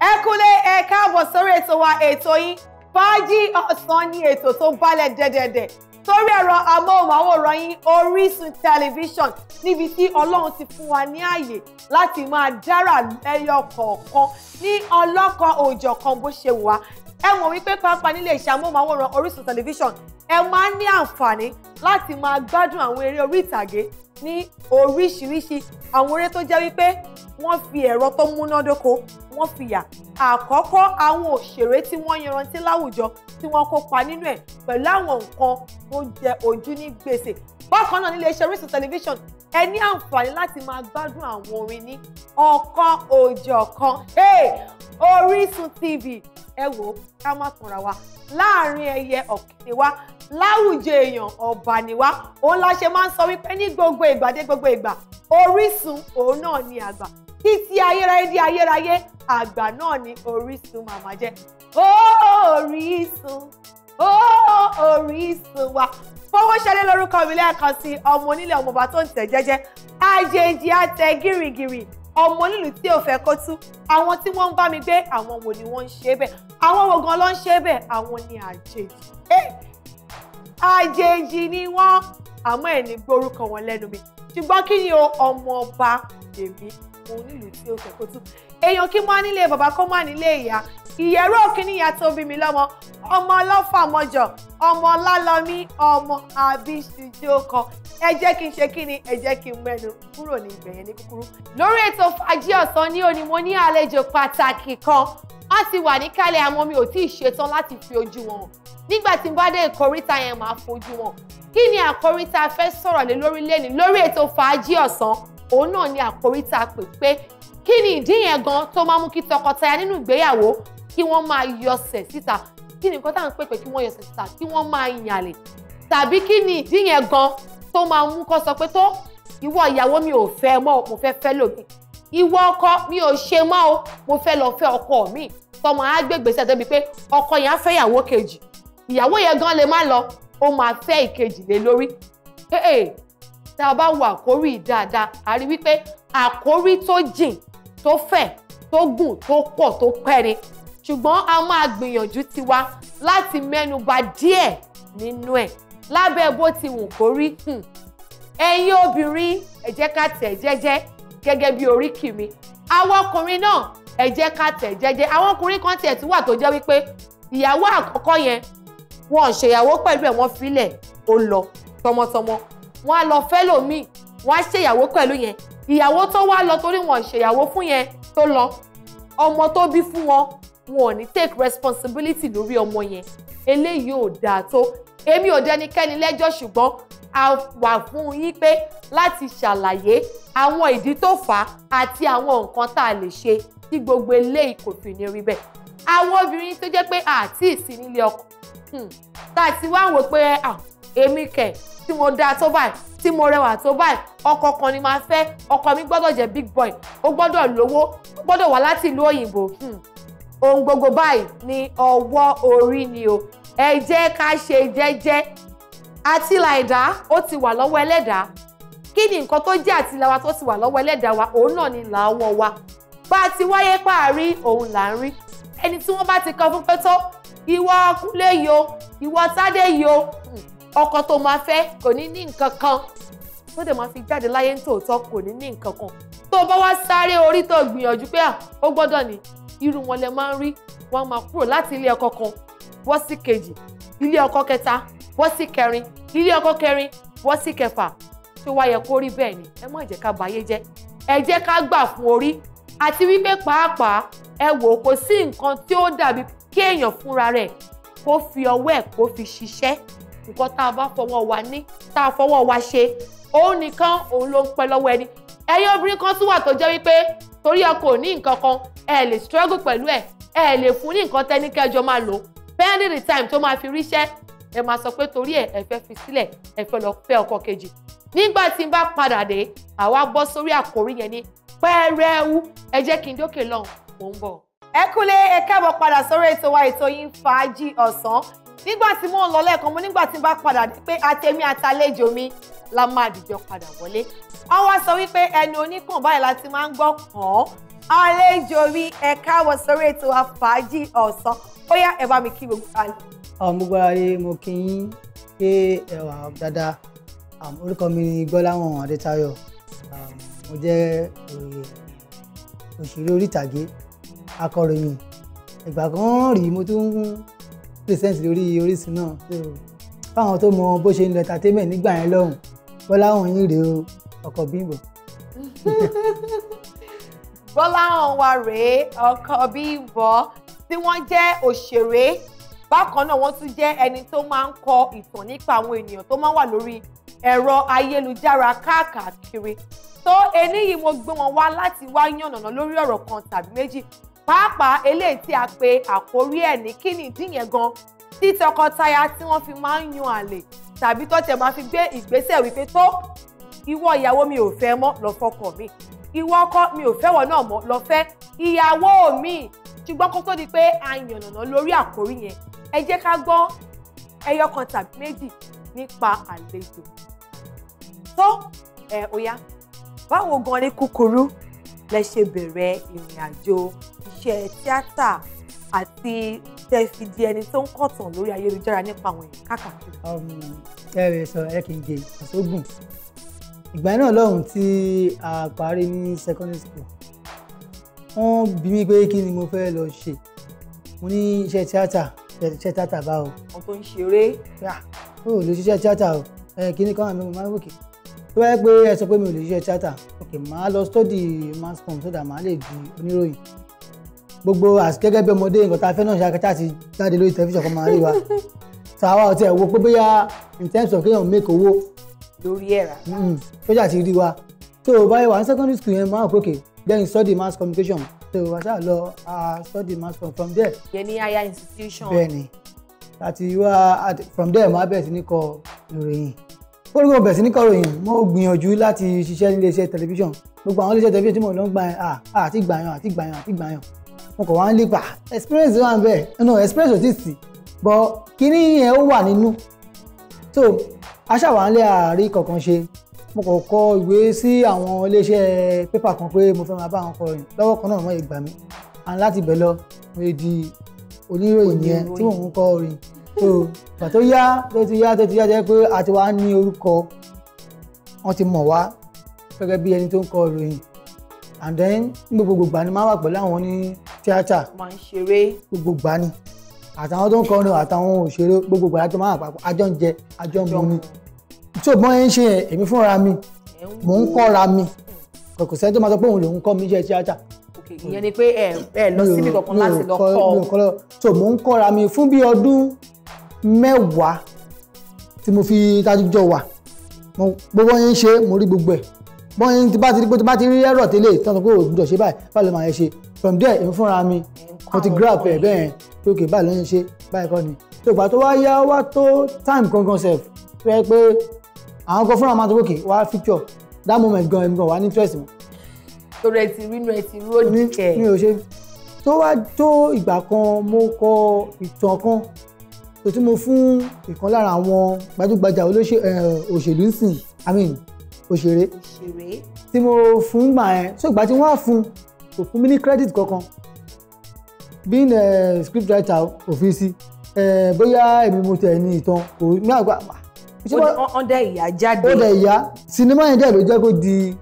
ẹ kúlé ẹ káàbọ̀ sórí ètò wa ètò yín fàájì ọ̀sán ní ètò tó balẹ̀ dẹ́dẹ́dẹ́ sórí ẹ̀rọ amóhùnmáwòrán yín Orísun tẹlifíṣọ̀n níbi tí Ọlọ́run ti fún wa ní àyè láti máa dára lẹ́yọ kọ̀ọ̀kan ní ọlọ́kan òòjọ̀kan bó ṣe wà ẹ mọ̀ wípé pàápàá nílé iṣẹ́ amóhùnmáwòrán Orísun tẹlifíṣàn ẹ máa ń ní àǹfààní láti máa gbádùn àwọn eré orí ìtàgé ní oríṣiríṣi àwọn eré tó jẹ́ wípé wọ́n fi ẹ̀rọ tó múnádóko wọ́n fi yà àkọ́kọ́ àwọn òṣèré tí wọ́n yanrantí láwùjọ tí wọ́n kópa nínú ẹ̀ pẹ̀lú àwọn nǹkan tó jẹ ojú ní gbèsè bákan náà nílé iṣẹ́ Orísun tẹlifíṣàn ẹ ní àǹfààní láti máa gbádùn àwọn orin ní ọ̀kan òjọ̀kan Orísun TV ẹ wò ó ká má tanra wa láàrin ẹyẹ ọ̀kìnrin wa láwùjọ èèyàn ọba ni wá òun la ṣe máa ń sọ wípé ní gbogbo ìgbà dé gbogbo ìgbà Orísun òun náà ni àgbà títí ayérayé dé ayérayé àgbà náà ni Orísun màmá jẹ́ Orísun. Orísun wa Fọwọ́ṣadé lórúkọ mi lẹ́ẹ̀kan sí ọmọ onílé ọmọọba tó ń tẹ̀ jẹ́jẹ́ àjèjì àtẹ gírígírí ọmọ onílù tí ò fẹ́ kó tú àwọn tí wọ́n ń bá mi gbé àwọn wo ni wọ́n ń ṣe bẹ́ẹ̀ àwọn wo gan ló ń ṣe bẹ́ẹ̀ àwọn ni àjèjì eh! àjèjì ni wọ́n àmọ́ ẹ̀ ní gbórúkọ wọn lẹ́nu mi ṣùgbọ́n kí ni o ọmọọba tèmi òun nílùú tí ó fẹ́ kó tú èèyàn kí mo á nílé bàbá kó mo á nílé ìyá ìyẹ̀rú òkìní ìyá tó bí mi lọ́mọ ọmọ ọlọ́fà mọ́jọ ọmọ ọlálọ́mí ọmọ àbíṣùjókọ ẹ jẹ́ kí n ṣe kí ni ẹ jẹ́ kí n mẹ́nu kúrò ní ibẹ̀ ní kúkúrú. lórí ètò fàájì ọ̀sán ní òní mo ní àlejò pàtàkì kan wọ́n ti wà níkàlẹ̀ àmọ́ mi ò tí ì ṣetán láti fi ojú wọn hàn nígbà tí n bá dé ìkóríta yẹn màá fojú wọn kí ni àkórí tá a fẹ́ sọ̀rọ̀ lé lórí lẹ́ni lórí ètò fàájì ọ̀sán òun náà ni àkórí tá a pè pé kí ni ìdí yẹn gan tó máa mú kí tọkọtaya nínú ìgbéyàwó kí wọ́n máa yọsẹ̀ síta kí ni nǹkan tá à ń pèpè kí wọ́n yọsẹ̀ síta kí wọ́n máa yànlẹ̀ tàbí kí ni ìdí yẹn gan tó máa mú kó sọ pé tó ìwọ ìyàwó mi ò fẹ́ mọ́ mo fẹ́ fẹ́ lòmí ìwọ ọkọ mi ò ṣe mọ́ o mo fẹ́ lọ fẹ́ ọkọ mi tọmọ á gbé gbèsè pé ọkọ yẹn á fẹ́ ìyàwó kejì ìyàwó yẹn gan lè má lọ ó máa fẹ́ ìkejì lé lórí tá a bá wo àkórí dáadáa a rí wípé àkórí tó jìn tó fẹ̀ tó gùn tó pọ̀ tó pẹ́rin ṣùgbọ́n a máa gbìyànjú tiwa láti mẹ́nuba díẹ̀ nínú ẹ̀ lábẹ́ bó ti wù kó rí hmm. ẹ̀yin obìnrin ẹ jẹ́ ká tẹ̀ jẹ́jẹ́ gẹ́gẹ́ bí oríkì mi àwọn ọkùnrin náà ẹ jẹ́ ká tẹ̀ jẹ́jẹ́ àwọn ọkùnrin kan tiẹ̀ tún wà tó jẹ́ wípé ìyàwó àkọ́kọ́ yẹn wọn ò ṣèyàwó pẹ̀lú ẹ̀ wọ́n filẹ̀ ó lọ tọmọtọmọ wọn á lọ fẹ́ lòmíì wọn á ṣèyàwó pẹ̀lú yẹn ìyàwó tó wá lọ torí wọn ṣèyàwó fún yẹn tó lọ ọmọ tó bí fún wọn wọn ò ní take responsibility lórí ọmọ yẹn eléyìí ò dáa tó èmi ò dẹnikẹ́ni lẹ́jọ́ ṣùgbọ́n a wà fún yín pé láti ṣàlàyé àwọn ìdí tó fà á àti àwọn nǹkan tá a lè ṣe kí gbogbo eléyìí kò fi ní rí bẹ́ẹ̀ àwọn obìnrin tó jẹ́ pé àti ìsìn nílé ọkọ hmm, tá a ti wá wò pé ah, èmi kẹ̀ tí mo dáa tó báyìí tí mo rẹwà tó báyìí ọkọ kan ni màá fẹ́ ọkọ mi gbọ́dọ̀ jẹ́ big boy ó gbọ́dọ̀ lówó ó gbọ́dọ̀ wá láti ìlú òyìnbó hmm. ohun gbogbo báyìí ni ọwọ́ orí ni o ẹ jẹ́ ká ṣe jẹ́jẹ́ àtìlà ẹ̀dá ó ti wà lọ́wọ́ ẹlẹ́dàá kí ni nǹkan tó jẹ́ àtìlà wa tó ti wà lọ́wọ́ ẹlẹ́dàá wa òun náà ni là ọwọ́ wa bá a ti wáyé páàrí òun là ń rí ẹni tí wọ́n bá ti kọ fún pé tó ìwọ Kúnlé yo ìwọ Tádé yo ọkọ tó máa fẹ́ kò ní ní nǹkan kan tó dẹ̀ máa fi jáde láyé nítòótọ́ kò ní ní nǹkan kan tó bá wá sáré orí tó gbìyànjú pé ó gbọ́dọ̀ ní irú wọn lẹ máa ń rí wọn máa kúrò láti ilé ọkọ kan wọ́ sí kejì ilé ọkọ kẹta wọ́ sí kẹrin ilé ọkọ kẹrin wọ́ sí kẹfà tó wá yẹ kó rí bẹ́ẹ̀ ni ẹ má jẹ́ ká bayé jẹ́ ẹ jẹ́ ká gbà fún orí àti wípé pàápàá ẹ wò kò sí nǹkan tí ó dàbí kéèyàn fúnra rẹ̀ kó fi ọwọ́ ẹ̀ kó fi ṣiṣẹ́ nǹkan tá a bá fọwọ́ wa ní tá a fọwọ́ wa ṣe òun nìkan òun ló ń pẹ́ lọ́wọ́ ẹni ẹ̀yin obìnrin kan tún wà tó jẹ́ wípé torí ọkọ ò ní nǹkan kan ẹ lè struggle pẹ̀lú ẹ ẹ lè fún ní nǹkan tẹ́ni kẹjọ máa lò pending the time tó máa fi ríṣẹ́ ẹ máa sọ pé torí ẹ ẹ fẹ́ fi sílẹ̀ ẹ fẹ́ lọ fẹ́ ọkọ kejì nígbà tí n bá padà dé àwa bọ́ sórí àkòrí yẹn ní pẹ́ẹ́rẹ́wú ẹ jẹ́ kí n dókè lọ́hùn mò ń bọ̀. ẹ kúlé ẹ káàbọ̀ padà sórí ètò wa ètò yín fàájì ọ̀sán nígbà tí mò ń lọ lẹ́ẹ̀kan mo nígbà tí n bá padà dé pé àtẹ̀mí àtàlejò mi la máa dìjọ padà wọlé wọ́n wá sọ wípé ẹnu oníkàn báyìí la ti máa ń gbọ́ kàn án àlejò mi ẹ káàbọ̀ sórí ètò àfàájì ọ̀sán ó yá ẹ bá mi kí gbogbo àlè. àwọn gbogbo ayé mo kí yín pé ẹwà dáadáa orúkọ mi ni Gbọ́láhàn Adétayọ̀ mo jẹ́ òṣèré orí ìtàgé akọ̀ròyìn ìgbà kan rí mo tún present lórí Orísun náà fáwọn tó mọ bó ṣe ń lọ entertainment nígbà yẹn lọ́hùn bọ́lá ọ̀hún yín rèé o ọkọ̀ bímbọ̀. bọ́lá ọ̀hún wa rèé ọkọ̀ bímbọ̀ tí wọ́n jẹ́ òṣèré bákan náà wọ́n tún jẹ́ ẹni tó máa ń kọ ìtàn nípa àwọn ènìyàn tó máa ń wà lórí ẹ̀rọ ayélujára káàkiri tó eléyìí mo gbé wọn wá láti wá yànnàná lórí ọ̀rọ̀ kan tàbí méjì pàápàá eléyìí tí a pe àkórí ẹ̀ ní kí ni ìdí yẹn gan tí tọkọtaya tí wọ́n fi máa ń yan àlè tàbí tọ́tẹ̀ máa fi gbé ìgbésẹ̀ wípé tó ìwọ ìyàwó mi ò fẹ́ mọ́ lọ fọkọ mi ìwọ ọkọ mi ò fẹ́wọ̀ náà mọ́ lọ fẹ́ ìyàwó mi ṣùgbọ́n kó tó di pé a yànnàná lórí àkórí yẹn ẹ jẹ́ ká gbọ́ ẹyọ kan tàbí méjì nípa àlejò tó ẹ̀ ó báwo gan ni kúkúrú lẹ ṣe bẹ̀rẹ̀ ìrìn àjò iṣẹ́ tíátà àti tẹ fi di ẹni tó ń kọ̀tàn lórí ayélujára nípa àwọn èèyàn káàkiri. Um, ẹ rẹ sọ ẹ kì í jẹ àsógùn ìgbà náà lọ́hùn tí a parí ní secondary school wọ́n bí mi pé kí ni mo fẹ́ lọ ṣe mo ní iṣẹ́ tíátà iṣẹ́ tíátà báwo. ọ̀tọ̀ ń ṣeré. ó lè ṣiṣẹ́ tíátà o kí ni káwọn àmì mo máa ń wòkè tó bá yẹ pé ẹ sọ pé mi ò lè ṣiṣẹ́ tíátà ok màá lọ study mass com so that màá lè di oníròyìn gbogbo gẹ́gẹ́ bí ọmọdé nǹkan tá a fẹ́ náà ṣe akẹ́tà ti jáde lórí tẹlifíṣàn kan máa rí wa so àwa ọ̀tí ẹ̀ wo pé bóyá in terms of kéèyàn make owó lórí ẹ̀ rà sójà mm-hmm. ti rí wa so báyìí wà ní secondary school yẹn máa pòkè then study mass communication so wàṣà lọ study mass com from there. yẹn ní higher institution. bẹ́ẹ̀ni àti wá from there máa bẹ̀rẹ̀ sí ní kọ ìròyìn ó ní kí mo bẹ̀rẹ̀ sí ní kọ̀ròyìn mo gbìyànjú láti ṣiṣẹ́ nílé iṣẹ́ tẹlifíṣọ̀n gbogbo àwọn ilé iṣẹ́ tẹlifíṣọ̀n tí mo lọ ń gbà ah àti gbàyàn àti gbàyàn àti gbàyàn mo kàn wá ń lépa experience wà ń bẹ̀ no experience ò tí sí bọ̀ kíní yẹn ó wà nínú so aṣàwánlé àárí kọ̀ọ̀kan ṣe mo kàn kọ ìwé sí àwọn ilé iṣẹ́ pépà kan pé mo fẹ́ máa bá àwọn kọ̀ròyìn lọ́wọ́ kan náà mo yẹ gbà mí and mo lè di oníròyìn yẹn tí mò ń kọ so ìgbà tó yá tó ti yá tó ti yá jẹ́ pé a ti wá ní orúkọ wọ́n ti mọ̀ wá gẹ́gẹ́ bí ẹni tó ń kọ ìròyìn and then gbogbo gbà ni máa wà pẹ̀lú àwọn ní tíátà máa ń ṣeré gbogbo gbà ni àtàwọn tó ń kọrin àtàwọn òṣèré gbogbo gbà láti máa wà papọ̀ àjọ ń jẹ àjọ ń mu ni tó bọ́n ẹ ń ṣe èmi fúnra mi mò ń kọ́ra mi kò sẹ́ni tó máa sọ pé òun lòún kọ́ mi jẹ́ tíátà ìyẹn ni pé ẹ ẹ lọ síbi kankan láti lọ kọ́. so mò ń kọ́ra mi fún bí ọdún mẹ́wàá tí mo fi tájújọ wà gbogbo yẹn ń ṣe mo rí gbogbo ẹ̀ bọ́n ti bá ti rí pé ti bá ti rí ẹ̀rọ tẹ́lẹ̀ tí wọ́n sọ pé o gbọ́dọ̀ ṣe báyìí báyìí ló máa yẹ ṣe from there èmi fúnra mi mo ti grab ẹ̀ bẹ́ẹ̀ pé òkè báyìí ló ń ṣe báyìí kọ́ ni tó gbà tó wá yá wá tó time gangan sef tó yẹ pé àwọn kan fúnra máa tó gòkè wá feature that moment gan èmi gan wà ní interest mi torí ẹ ti rí inú ẹ ti rú òdì kẹ. mi ò ṣe tó wá tó ìgbà kan mo kọ ìtàn kan tó tí mo fún ìkan lára àwọn gbajúgbajà òṣèlú nsìn i mean òṣèré tí mo fún gbà yẹn so ìgbà tí wọ́n á fún kò fún mi ní credit kankan being a script writer òfin sí bóyá èmi mo tẹ̀ ní ìtàn kò ní àgbà. ó dẹ ìyá jáde. ó dẹ ìyá sinimá yẹn dẹ̀ ló jẹ́ kó di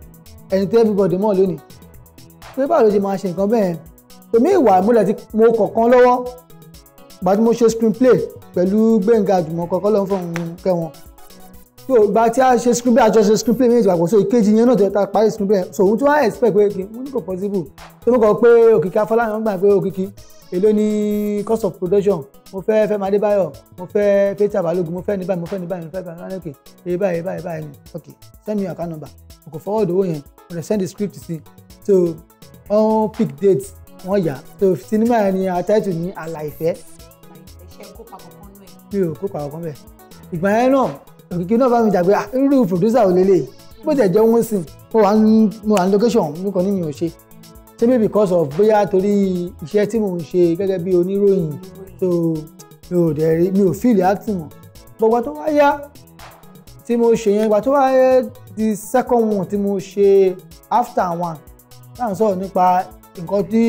ẹni tí everybody mọ̀ lónìí pé báwo ló ṣe máa ṣe nǹkan bẹ́ẹ̀ tèmi ìwà ìmúlẹ̀ tí mo kọ̀ọ̀kan lọ́wọ́ ìgbà tí mo ṣe screenplay pẹ̀lú Gbẹ̀ngà Àjùmọ̀kọ kọ́lọ́ fún òun kẹwọn so ìgbà tí a ṣe screenplay àjọ ṣe screenplay méjì àpò so ìkejì yẹn náà tẹ̀ ta parí screenplay so òun tí wọ́n á expect pé kí wọ́n ní kò possible tó mú kọ pé òkìkí afọláyàn gbà pé òkìkí èló ni cost of production mo fẹ́ fẹ́ máa débáyọ̀ mo fẹ́ Peter Balogun mo fẹ́ ní báyìí mo fẹ́ ní báyìí mo fẹ́ báyìí ok èyí báyìí èyí báyìí báyìí ni ok send me your account number mo kò fọwọ́ ìdówó yẹn mo lè send the script sí so on pick date wọ́n yà so sinimá yẹn ni àtẹ́tù ní àlà ìfẹ́. mi ò kópa ọkàn bẹ́ẹ̀ ìgbà yẹn náà òkìkí náà bá mi jà pé ah, irú producer ò lélẹ̀ bó tẹ̀ jẹ́ wọ́n sìn mo wà ní mo wà ní location mi kàn ní mi ò ṣe ṣé bí because of bóyá torí iṣẹ́ tí mò ń ṣe gẹ́gẹ́ bí oníròyìn so mi ò dẹ̀ rí mi ò feel acting mọ́ gbogbo tó wá yá tí mo ṣe yẹn ìgbà tó wá yẹ the second one tí mo ṣe after one tá à ń sọ̀rọ̀ nípa nǹkan tí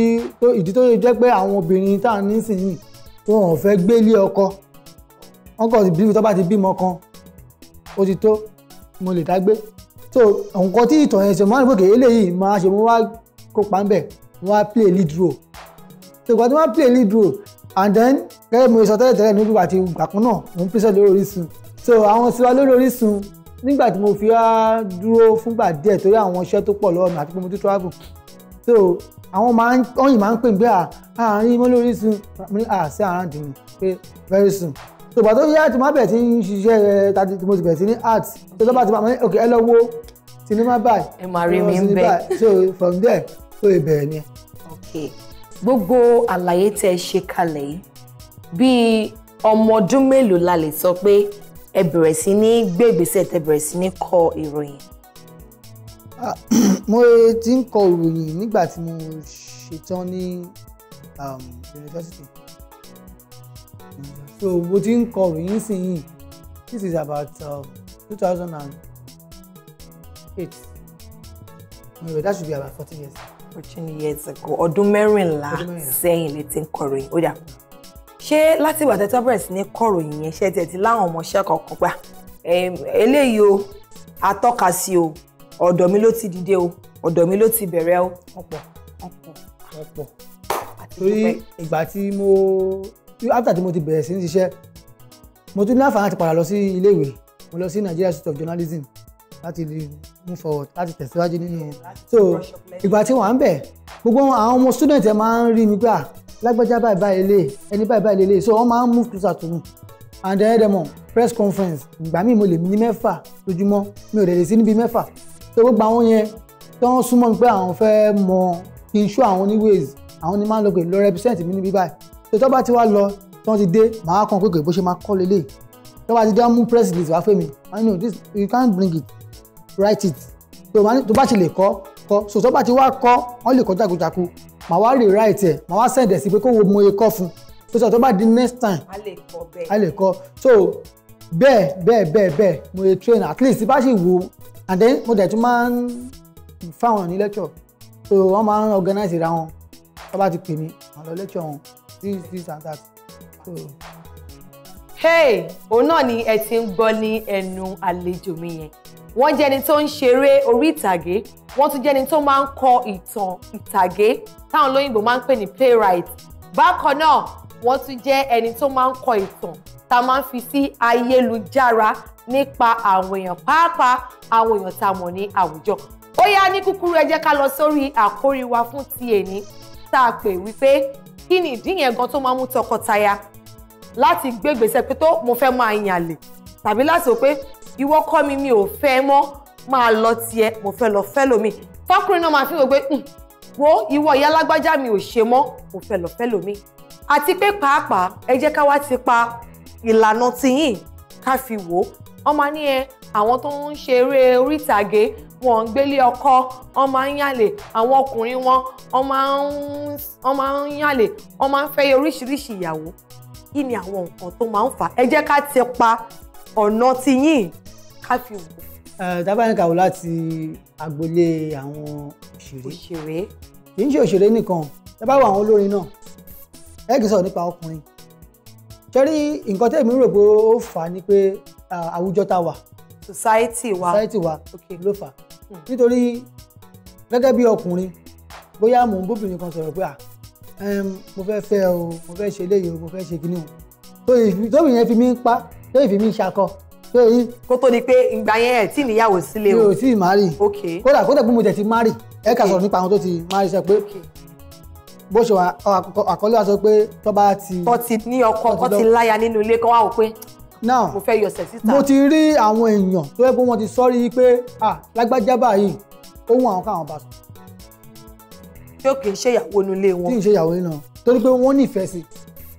ìdí tó jẹ́ pé àwọn obìnrin tá à ń nísìnyí tí wọn ò fẹ́ gbé ilé ọkọ wọn kàn ti bímọ tó bá ti bímọ kan ó ti tó mo lè dá so nǹkan tí ìtàn yẹn ṣe mo máa ń gbòkè eléyìí máa ṣe mo wá kópa ń bẹ̀ mo wá play lead role so ìgbà tí mo wá play lead role and then gẹ́gẹ́ mo sọ tẹ́lẹ̀ tẹ́lẹ̀ níbi àti ìgbà kan náà mo ń pèsè lórí Orísun so àwọn tiwa lórí Orísun nígbà tí mo fi wá dúró fúngbà díẹ̀ torí àwọn iṣẹ́ tó pọ̀ lọ́wọ́ àti pé mo ti travel so àwọn máa ń ọyìn máa ń pè mí pé àárín mọ́ lórí sùn àṣẹ àràǹdì mi pé very soon so bàtọ́ yíyá tí máa bẹ̀rẹ̀ sí ń ṣiṣẹ́ rẹ̀ tàbí tí mo ti bẹ̀rẹ̀ sí ní art so tó bá ti máa mọ̀ ní ok ẹ lọ wo sinimá báyìí ẹ máa rí mi ń bẹ so from there so ìbẹ̀rẹ̀ ni. ok gbogbo àlàyé tẹ ṣe kalẹ̀ yìí bíi ọmọ ọdún mélòó la lè sọ pé ẹ bẹ̀rẹ̀ sí ní gbé ìgbésẹ̀ tẹ bẹ̀rẹ̀ sí ní kọ ìròyìn. Ah, mo ti ń kọ ìròyìn nígbà tí mo ṣetán ní um, yunifásitì so mo ti ń kọ ìròyìn sìn this is about um, two thousand and eight my brother should be about fourteen years. fourteen years ago ọdún mẹ́rìnlá sẹ́yìn lè ti ń kọ ìròyìn ó dà ṣé láti ìgbà tẹ́tọ́ bẹ̀rẹ̀ sí ní kọ̀ròyìn yẹn ṣe tẹ̀ tí láwọn ọmọọṣẹ́ kọ̀ọ̀kan gbà ah, eléyìí o atọ́ka sí o ọ̀dọ̀ mi ló ti dìde o ọ̀dọ̀ mi ló ti bẹ̀rẹ̀ o ọ̀pọ̀ ọ̀pọ̀ ọ̀pọ̀ torí ìgbà tí mo after tí mo ti bẹ̀rẹ̀ sí ní ṣiṣẹ́ mo tún ní àǹfààní àti padà lọ sí iléèwé mo lọ sí Nigeria Institute of Journalism láti move forward láti tẹ̀síwájú nínú so ìgbà tí wọ́n á bẹ̀ gbogbo àwọn ọmọ student ẹ̀ máa ń rí mi pé à ah, lágbájá báyìí báyìí lè ẹni báyìí báyìí lè so wọ́n máa ń move closer to me and then press conference ìgbà míì mo lè ní mẹ́fà lójúmọ́ mi ò lè lè sí níbi mẹ́fà So gbogbo àwọn yẹn tó ń súnmọ́ mi pé àwọn fẹ́ mọ kí n ṣó àwọn ní ways àwọn ni máa ń lọ pé lọ represent mi níbí báyìí tó tó bá ti wá lọ tó ti dé màá kàn kékeré bó ṣe máa kọ́ lélẹ̀ tó bá ti dé mú press list wá fẹ́ mi I know this you can't bring it write it tó bá ti lè kọ́ kọ́ so tó bá ti wá kọ́ wọ́n lè kọ́ jákujáku màá wá rewrite ẹ̀ màá wá send ẹ̀ sí pé kó wo mo ye kọ́ fún tó sọ tó bá di next time a lè kọ́ so bẹ́ẹ̀ bẹ́ẹ̀ bẹ́ẹ̀ bẹ́ẹ̀ mo ye train at least bá ṣì wo and then mo dẹ̀ tún máa ń fáwọn ní lecture so wọ́n máa ń organize ra wọn tó bá ti pè mí àwọn lọ lecture wọn this this and that so. hey òun náà ni ẹ ti ń gbọ́ ní ẹnu àlejò mi yẹn wọ́n jẹ́ni tó ń ṣeré orí ìtàgé wọ́n tún jẹ́ni tó máa ń kọ ìtàn ìtàgé táwọn olóyìnbó máa ń pè ní playwright bákan náà wọ́n tún jẹ́ ẹni tó máa ń kọ ìtàn tá a máa ń fi sí ayélujára nípa àwọn èèyàn pàápàá àwọn èèyàn tá a mọ̀ ní àwùjọ. ó yá ní kúkúrú ẹ jẹ́ ká lọ sórí àkórí wa fún ti èní tá a pè wípé kí ni ìdí yẹn gan tó máa ń mú tọkọtaya láti gbé gbèsè pé tó mo fẹ́ máa yàn lè tàbí láti rò pé ìwọ kọ́ mi mi ò fẹ́ mọ́ máa lọ tiẹ̀ mo fẹ́ lọ fẹ́ lómi tọkùnrin náà máa fi wò pé hmm, wo ìwọ ìyá lágbájá mi ò ṣe mọ́ kò fẹ̀lọ̀ fẹ́lò mi àti pé pàápàá ẹ jẹ́ ká wá ti pa ìlànà tiyín ká fi wò ó wọ́n máa ní ẹ àwọn tó ń ṣe eré orí ìtàgé wọn ń gbélé ọkọ wọ́n máa ń yàlè àwọn ọkùnrin wọn wọ́n máa ń yàlè wọ́n máa ń fẹ́ oríṣiríṣi ìyàwó kí ni àwọn nǹkan tó máa ń fà ẹ jẹ́ ká ti pa ọ̀nà tiyín ká fi wò ó tábàáníkà wò láti agboolé àwọn òṣèré òṣèré kì í ṣe òṣèré nìkan tábàáwò àwọn olórin náà ẹ kì í sọ̀rọ̀ nípa ọkùnrin torí nǹkan tẹ̀mí rò pé ó fà á ni pé àwùjọ tá wà society wa society wa ló fà á hmm. nítorí gẹ́gẹ́ bí ọkùnrin bóyá mò ń bóbìnrin kan sọ̀rọ̀ pé à mo fẹ́ fẹ́ o mo fẹ́ ṣe eléyìí o mo fẹ́ ṣe kíní o tóbi yẹn fi mí ń pa tóbi fi mí ń ṣakọ pé yìí. kó tó di pé ìgbà yẹn ẹ̀ tí níyàwó sílé o. mi ò tí ì márì. ok kódà kódà pé mo jẹ̀ ti márì ẹ kà sọ̀rọ̀ nípa àwọn tó ti márì sẹ́ pé bó ṣe wà àkọlé wa sọ pé tó bá ti. tó ti ní ọkọ tó ti láya nínú ilé kan wá wò pé now mo fẹ́ yọsẹ̀ síta. mo ti rí àwọn èèyàn tó yẹ pé wọ́n ti sọ́rí pé ah lágbájá báyìí ohun àwọn káwọn bá sùn. tí ó kì í ṣe ìyàwó inú ilé wọn. tí ì ṣe ìyàwó inú torí pé wọ́n nífẹ̀ẹ́ sí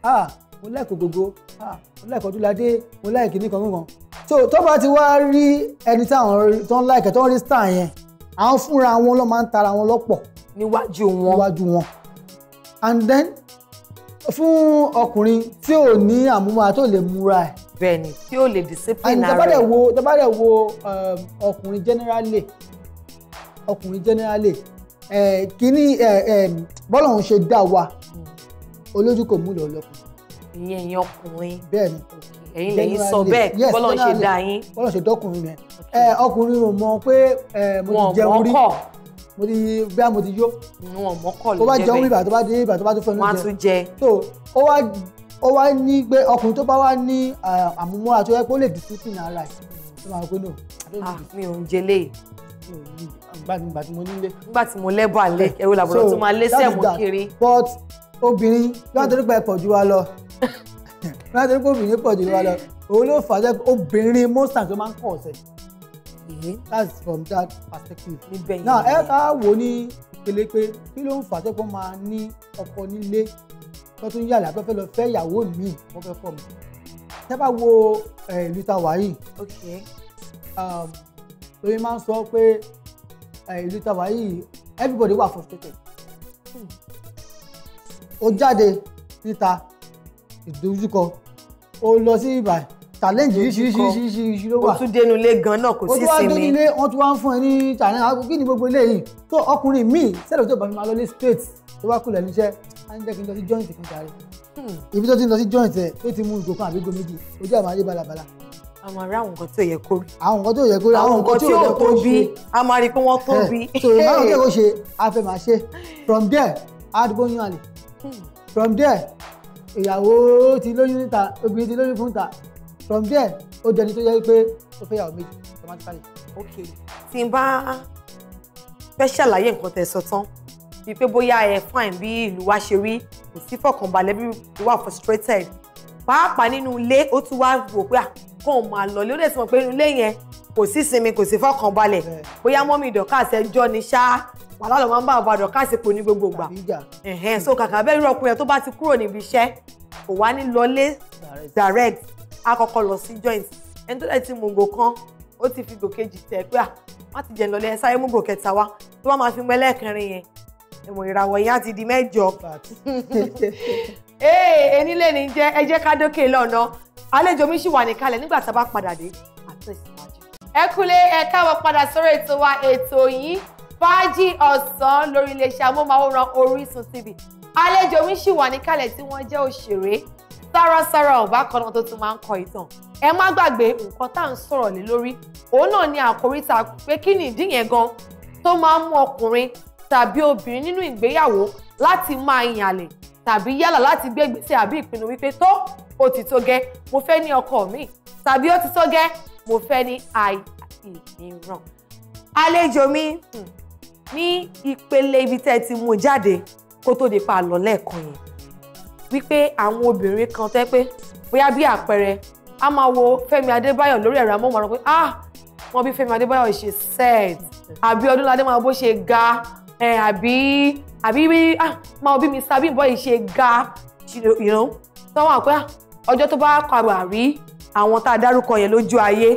ah mo láìkò gbogbo ah mo láìkò ọdúnladé mo láìkì ní kankan so tó bá ti wá rí ẹni táwọn tó ń láìkẹ́ tó ń rí star yẹn àwọn fúnra wọn ló máa ń tara wọn lọ́pọ̀ níwájú wọn níwájú wọn and then fún ọkùnrin tí ò ní àmúmọ́ tó lè múra ẹ̀. bẹ́ẹ̀ni tí ò lè discipline rẹ. tọ́bàdẹ̀ wo tọ́bàdẹ̀ wo um, ọkùnrin generally ọkùnrin generally kínní bọ́lá òun ṣe dá wa hmm. olójú kò múlò ọlọ́kùnrin. ìyẹn ìyẹn ọkùnrin. bẹ́ẹ̀ni ẹ̀yin lè yín sọ bẹ́ẹ̀ bọ́lọ̀ ń ṣe dá yín. bọ́lọ̀ ṣe dọ́kùnrin yẹn ẹ ọkùnrin ò mọ pé mo ti jẹun rí mo ti bí a mo ti yó. wọn mọkọ ló jẹ bẹ́ẹ̀ tó bá jẹun rí bàtà tó bá dé bàtà tó bá tó fẹnu jẹ wọn á tún jẹ. so ó wá ó wá ní pé ọkùnrin tó bá wá ní àmúmọ́ra tó yẹ pé ó lè dùn títì ní ara ẹ̀ tó máa pé no. Ah, mi ò ń jẹ léyìí gbà tí mo nílé. gbà tí mo lẹ́bà lé ẹ̀rọ làbọ̀dọ̀ tó máa lé sẹ́ẹ̀mù kiri. but obìnrin yóò torí pé ẹ pọ̀ ju wa lọ láti rí pé pọ̀ jù lọ́wọ́ òun ló fà á jẹ́ obìnrin most times máa ń kọ̀ ọ̀sẹ̀. that's from that perspective. now ẹ ká wò ní ìpele pé kí ló ń fà á jẹ́ pé máa ní ọkọ nílé tó tún yàrá tó fẹ́ lọ fẹ́ ìyàwó mi wọ́n fẹ́ kọ̀ mi. tẹ́ bá wo ìlú ta wà yìí um, máa ń sọ pé ìlú ta wà everybody wà frustrated. Hmm. ó jáde níta ìdojúkọ o lọ sí ibà challenge oríṣiríṣiríṣiríṣi ló wà. o tún dénú ilé gan náà kò sí sinmi. o tún wá dénú ilé wọn tún wá ń fún ẹ ní challenge àwọn kí ni gbogbo eléyìí tó ọkùnrin míì sẹ́lẹ̀ tó bá mi máa lọ ní state tó bá kulẹ̀ níṣẹ́ á ń jẹ́ kí n lọ sí joint kan jàre. Hmm. ibi tó ti ń lọ sí joint ẹ̀ tó ti mú ìgò kan àbí ìgò méjì ojú àmọ́ ayé balabala àwọn ará àwọn nǹkan tí ò yẹ kó rí. àwọn nǹkan tí ò yẹ kó rí àwọn nǹkan tí ò tóbi a máa rí i pé wọ́n tóbi. so báwo ni o ṣe a fẹ́ máa ṣe from there a dúpọ̀ yún àlè from there ìyàwó ti lóyún níta obìnrin ti lóyún fún ta from there ó dẹni tó yẹ pé ó fẹ́ yàwó méjì automatically. ok tí n bá fẹ́ ṣàlàyé nǹkan tẹ́ tán bíi pé bóyá ẹ fine bí ìlú wa ṣe rí kò sí fọkànbalẹ̀ bí ìlú wa frustrated pàápàá nínú ilé ó tún wá wò pé ah, kó o máa lọ lé ó dẹ̀ ti mọ̀ pé inú ilé yẹn kò sí sinmi kò sí fọkànbalẹ̀ bóyá mọ́mí ìdọ̀ká àṣẹjọ́ ni ṣáá wàhálà ló máa ń bá àbàdàn káàsìkò ní gbogbo ìgbà so kàkà bẹ́ẹ̀ irú ọkùnrin tó bá ti kúrò níbi iṣẹ́ kò wá ní lọlé direct a kọ́kọ́ lọ sí joint ẹni tó dẹ̀ ti mògò kan ó ti fi gòkejì tẹ̀ pé à ah, má ti jẹ́ lọlé ẹ sáré mú gòkẹta wá tó bá máa fi mú ẹlẹ́ẹ̀kẹrin yẹn ẹ̀wọ̀n ìràwọ̀ yẹn á ti di mẹ́jọ. ee enílé ni jẹ́ ẹ jẹ́ ká dókè lọ́nà àlejò mi sì wà níkàlẹ̀ nígbà tá a bá padà dé àtúnṣe ẹ kúlé ẹ káwọ padà sórí ètò wa ètò yìí fàájì ọ̀sán lórí iléeṣẹ́ amóhùnmáwòrán Orísun TV àlejò mi ṣì wà níkàlẹ̀ tí wọ́n jẹ́ òṣèré sárasára ọ̀bá kan náà tó tún máa ń kọ ìtàn ẹ má gbàgbé nǹkan tá à ń sọ̀rọ̀ lé lórí òun náà ni àkórí ta pé kí ni ìdí yẹn gan tó máa ń mú ọkùnrin tàbí obìnrin nínú ìgbéyàwó láti máa ìyànlẹ̀ tàbí yálà láti gbé ìgbésẹ̀ àbí ìpinnu wípé tó ó ti tó gẹ́ mo fẹ́ ní ọkọ mi tàbí ó ti tó gẹ́ mo fẹ́ ní àìmíràn àlejò mi hmm, ní ìpele ibi tẹ́ ẹ ti mú jáde kó tó di pa lọ lẹ́ẹ̀kan yẹn wípé àwọn obìnrin kan tẹ́ pé bóyá bí àpẹẹrẹ a máa wo Fẹ́mi Adébáyọ̀ lórí ẹ̀rọ amóhùnmáwòrán pé ah wọn bí Fẹ́mi Adébáyọ̀ ṣe set àbí Ọdúnládé máa bó ṣe ga àbí àbí ah máa bí Mr Bimbo yìí ṣe ga tọ́wọ́n àpẹ́ ah! ọjọ́ tó bá kàwà rí àwọn tá a dárúkọ yẹn lójú ayé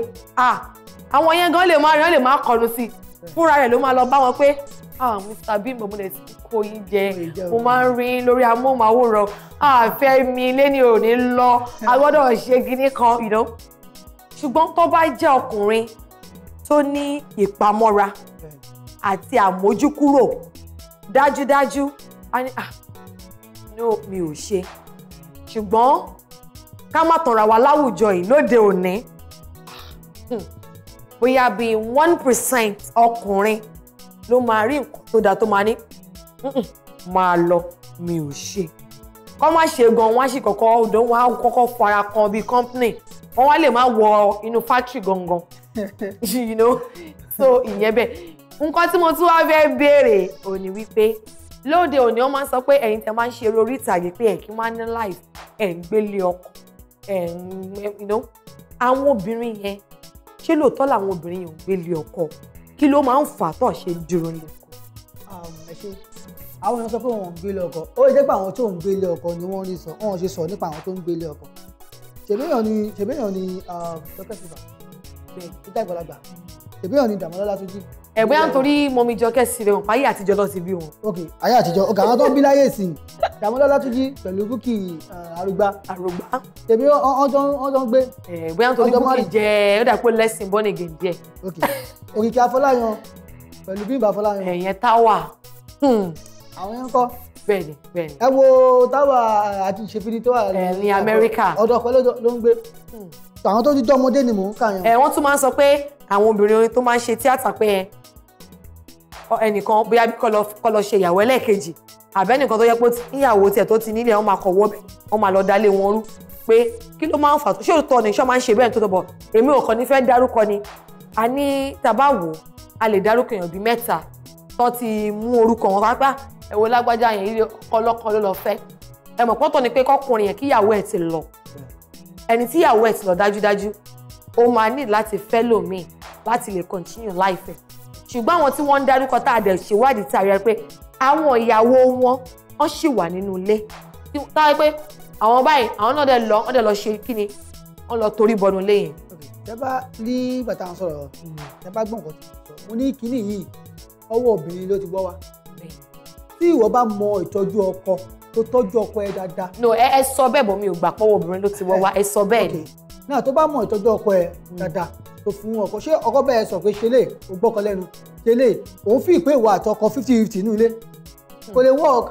ah àwọn yẹn gan lè máa rìn lè máa kọnu sí i fúnra rẹ̀ ló máa lọ bá wọn pé ah Mr Bimbo mo lè kó yín jẹ mo máa ń rí lórí amóhùnmáwòrán àfẹ́ ah, mi lẹ́ni ò ní lọ agbọ́dọ̀ ṣe gíní kan you know ṣùgbọ́n tó bá jẹ́ ọkùnrin tó ní ìpamọ́ra àti àmójúkúrò dájúdájú ah no mi ò ṣe ṣùgbọ́n ká má tanra wa láwùjọ yìí lóde òní. Hmm bóyá bíi one percent ọkùnrin ló máa rí nǹkan tó dáa tó máa ní máa lọ mi ò ṣe kọ́ má ṣe gan wọ́n á sì kọ́kọ́ ọ̀dọ́ wọn á kọ́kọ́ fara kan bíi company wọ́n wá lè má wọ inú factory gangan you know so ìyẹn bẹ́ẹ̀ nǹkan tí mo tún wá fẹ́ béèrè ò ní wípé lóde òní wọ́n máa ń sọ pé ẹ̀yin tẹ́ máa ń ṣe orí ìtàgé pé ẹ kì í máa ní life ẹ ń gbélé ọkọ ẹ ń you know àwọn obìnrin yẹn ṣé lóòótọ́ làwọn obìnrin yẹn ò gbélé ọkọ kí ló máa ń fà á tó ṣe dúró ní ọkọ. Um, ẹ ṣe àwọn èèyàn sọ pé wọn ò ń gbélé ọkọ ó jẹ́ pé àwọn tó ń gbélé ọkọ ni wọ́n rí sọ wọn ò ṣe sọ nípa àwọn tó ń gbélé ọkọ ṣèbéyàn ni ṣèbéyàn ni um, dókítà ìgbàlagbà èbí ọ̀ ni Dàmọ́lọ́lá tó jí. ẹ̀gbẹ́ à ń torí mọ̀mí jọ kẹ́sì rẹ̀ wọ̀n páyé àtijọ́ lọ sí bí wọn. ok ayé àtijọ́ ok àwọn tó ń bí láyé sí Dàmọ́lọ́lá tó jí pẹ̀lú Bukky Arugba. Arugba. èmi ọjọ́ ń gbé. ẹ̀gbẹ́ à ń torí Bukky jẹ́ ó dà pé lẹ́sìn bọ́ọ̀nì gèdè. ok Òkìkí Afọláyan pẹ̀lú Bímbà Afọláyan. ẹ̀yẹn táwà. Hmm. àwọn yẹn ń kọ́ bẹ́ẹ̀ni bẹ́ẹ̀ni. ẹ wo táwa àti ìṣèfini tó wà ní Amẹ́ríkà ọ̀dọ̀ ọ̀pẹ ló ń gbé hmm. àwọn tó ti dọ́mọdé ni mò ń kà yẹn. ẹ wọ́n tún máa ń sọ pé àwọn obìnrin orin tó máa ń ṣe tíátà pé ẹnìkan bóyá kọ́ lọ ṣe ìyàwó ẹlẹ́ẹ̀kejì àbẹ́nìkan tó yẹ pé níyàwó tiẹ̀ tó ti nílẹ̀ wọ́n máa kọ̀ wọ́bẹ̀ wọ́n máa lọ dálé wọn rú pé kí ló máa ń fà tó ṣé òótọ́ ni ṣọ́ máa ń ṣe bẹ́ẹ̀ tó tọ̀bọ̀ èmi ò kàn ní fẹ́ dárúkọ ni a ní tàbá wò a lè dárúkọ èèyàn bíi mẹ́ta tó ti mú orúkọ wọn pápá ẹ wo lágbájá yẹn ilé ọlọ́kọ ló lọ fẹ́ ẹ mọ̀ pọ́tọ̀ ni pé kọkùnrin yẹn kíyàwó ẹ̀ ti lọ ẹni tíyàwó ẹ̀ ti lọ dájúdájú ó máa ní láti fẹ́ lòmíì láti lè continue life ẹ̀ ṣùgbọ́n àwọn tí wọ́n ń darúkọ tá a dẹ̀ ṣèwádìí tá a rí pé àwọn ìyàwó wọn wọ́n ṣì wà nínú ilé tá a rí pé àwọn báyìí àwọn náà dẹ̀ lọ wọ́n dẹ̀ lọ ṣe kí ni wọ́n lọ torí bọnu ilé yẹn. tẹ bá ní bàtà sọ̀rọ̀ tẹ bá gbọǹkan mo ní kinní yìí ọwọ́ obìnrin ló ti gbọ́ wa tí ìwọ bá mọ ìtọ́jú ọkọ tó tọ́jú ọkọ ẹ dáadáa. no ẹ ẹ sọ bẹ́ẹ̀ bọ mi ò gbà pọwọ obìnrin ló ti wọ wa ẹ sọ bẹ́ẹ̀ ni. náà tó bá mọ ìtọ́jú ọkọ ẹ mm. dáadáa tó fún ọkọ ṣé ọkọ bẹ́ẹ̀ sọ pé ṣe lè o gbọ́kọ lẹ́nu ṣe lè òun fi ìpè ìwà àtọkọ fifty fifty inú hmm. kò lè work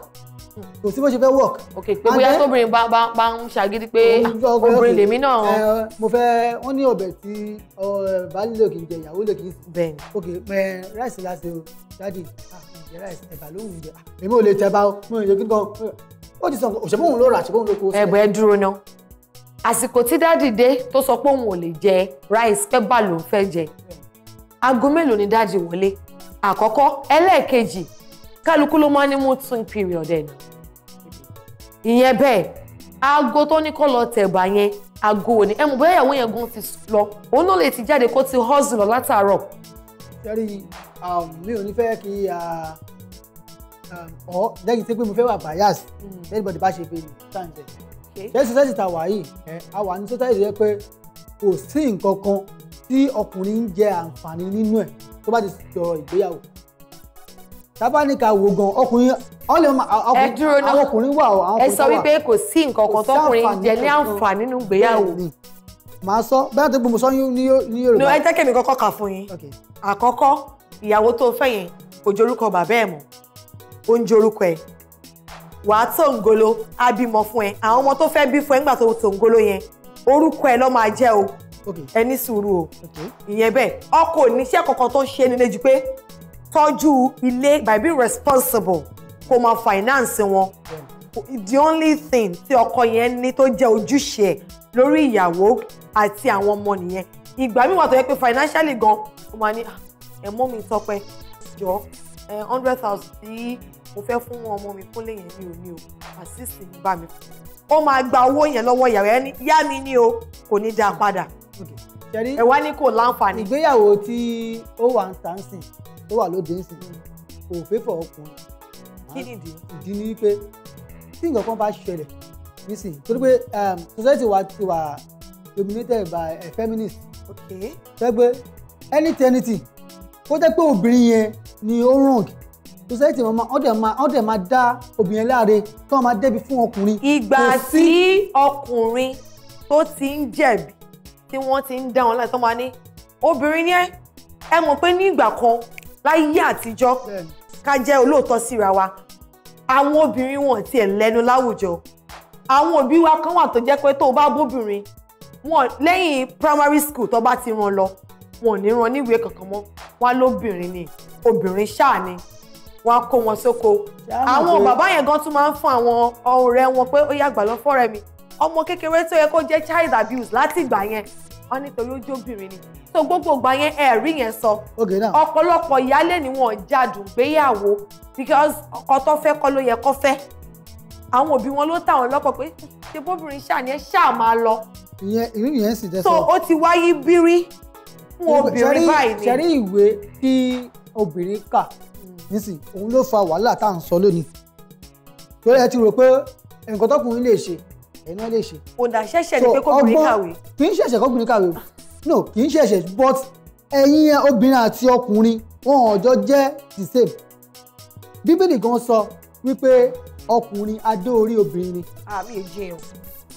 kò sí bó ṣe fẹ́ work. ok pé bóyá tóbìnrin bá bá bá ń ṣàgídí pé ah, obìnrin lèmi náà. Eh, mo fẹ́ wọ́n ní ọbẹ̀ tí baálé lè kì í jẹ ìyàwó lè kì í sìn. bẹ́ẹ̀ni ok ráìsì láti o dáàdì ǹjẹ́ ráìsì ẹ̀bà ló ń jẹ ah, èmi ò lè tẹ́ bá o mo lè jẹ kí n kan ó ti sọ òṣèpọ̀ òun ló rà àṣepọ̀ òun ló kó. ẹ̀bùn ẹ dúró ná àsìkò tí dáàdì dé tó sọ pé òun ò lè jẹ ráìsì pẹ́ bà ló fẹ́ jẹ aago ni dáàdì wọlé àkọ́kọ́ ẹlẹ́ẹ̀kejì kálukú ló máa ní mood swing period ẹ̀ ìyẹn bẹ́ẹ̀ aago tó ní kọ́ lọ tẹ̀bà yẹn aago ò ní ẹ mọ̀ bóyá ìyàwó yẹn gan ti lọ òun náà lè ti jáde kó ti hustle lọ látàárọ̀. sẹ́rí um, mi ò ní fẹ́ kí ọ lẹ́yìn tí pé mo fẹ́ wà bias anybody hmm. bá ṣe pé mi ṣẹ́yìn society ta wà yìí a wà ní society yẹ pé kò sí nǹkan kan tí ọkùnrin ń jẹ àǹfààní nínú ẹ̀ tó bá ti sọ̀rọ̀ ìgbéyàwó sábàníkà wo gan ọkùnrin ọlẹ àwọn ọkùnrin wà àwọn ọkùnrin tó wà ẹ sọ wípé kò sí nǹkan kan tọkùnrin jẹ ní àǹfààní nínú ìgbéyàwó. màá sọ bẹ́ẹ̀ tó gbọmọ sọ ní yorùbá. ẹ jẹ́ kí èmi kọ́kọ́ kà fún yín àkọ́kọ́ ìyàwó tó fẹ́ yẹn kò jorúkọ bàbá ẹ̀ mọ́ ó ń jorúkọ ẹ̀ wàá tòǹgolo á bímọ fún ẹ àwọn ọmọ tó fẹ́ bí fún ẹ nígbà tó tòǹgolo yẹn orúkọ ẹ ló máa jẹ́ o ẹ ní sùúrù o ìyẹn bẹ́ẹ̀ ọkọ ò níṣẹ́ tó ń ṣe nílé ju pé tọ́jú ilé by being responsible kó máa finance wọn the only thing tí ọkọ yẹn ní tó jẹ́ ojúṣe ẹ̀ lórí ìyàwó àti àwọn ọmọ nìyẹn ìgbà mi wà tó yẹ pé financially gan ó máa ní ah, ẹ mọ́ mi tọpẹ́ jọ ẹ hundred thousand tí mo fẹ́ fún ọmọ mi kúnlé yẹn mi ò ní o assist mi bá mi fún ó máa gba owó yẹn lọ́wọ́ ìyàwó ẹ ní yá mi ní o kò ní dá a padà ẹ wá ní kò láǹfààní. ìgbéyàwó tí ó wà ń tà ń tó wà lóde ń sìn kò fẹ́fọ̀ ọkùnrin. kí ni ìdí. ni wípé tí nǹkan kan bá ṣẹlẹ̀ nísìnyí torí pé um, society wa ti wà dominated by uh, feminist. ok. fẹ́gbẹ́ anything anything kó jẹ́ pé obìnrin yẹn ni ó wrong society wọn ọdẹ máa ọdẹ máa dá obìnrin láre tó máa débi fún ọkùnrin. ìgbà tí ọkùnrin tó ti ń jẹ̀bi tí wọ́n ti ń dá wọn láti tó máa ní obìnrin yẹn ẹ mọ̀ pé ní ìgbà kan láyé àtijọ́ ká jẹ́ olóòótọ́ síra wa àwọn obìnrin wọn tiẹ̀ lẹ́nu láwùjọ àwọn òbí wa kan wà tó jẹ́ pé tó o bá bóbìnrin wọn lẹ́yìn primary school tó bá ti ràn lọ wọn ò ní ràn níwèé kankan mọ́ wọn lóbìnrin ni obìnrin ṣáà ni wọn kó wọn sóko àwọn bàbá yẹn gan tún máa ń fún àwọn ọ̀rẹ́ wọn pé ó yàgbà lọ fọ́rẹ́ mi ọmọ kékeré tó yẹ kó jẹ́ child abuse láti ìgbà yẹn wọn nítorí ó jóbìnrin ni so gbogbo ìgbà yẹn ẹ̀rí yẹn sọ ọ̀pọ̀lọpọ̀ ìyálé ni wọ́n jádùn gbéyàwó because ọkọ tó fẹ́ kọ́ ló yẹ kó fẹ́ àwọn òbí wọn ló tà wọn lọ́pọ̀ pé ṣe bóbìnrin ṣáà ni ẹ ṣáà máa lọ. ìyẹn ìrírí yẹn sì dẹ́sọ̀. so ó ti wáyé bírí fún obìnrin báyìí ni. ṣẹ́rí ìwé tí obìnrin kà nísìn òun ló fa wàhálà tá à ń sọ lónìí torí ẹ ti rò pé nǹkan tọkùnrin lè ṣe ẹ̀yin náà lè ṣe. kò dà ṣẹ̀ṣẹ̀ ni pé kóbìnrin kàwé. kì í ṣẹ̀ṣẹ̀ kóbìnrin kàwé no kì í ṣẹ̀ṣẹ̀ but ẹ̀yin obìnrin àti ọkùnrin wọn ọ̀jọ́ jẹ́ the same bíbélì gan sọ wípé ọkùnrin adé orí obìnrin ni. àmì ah, ìjẹ o.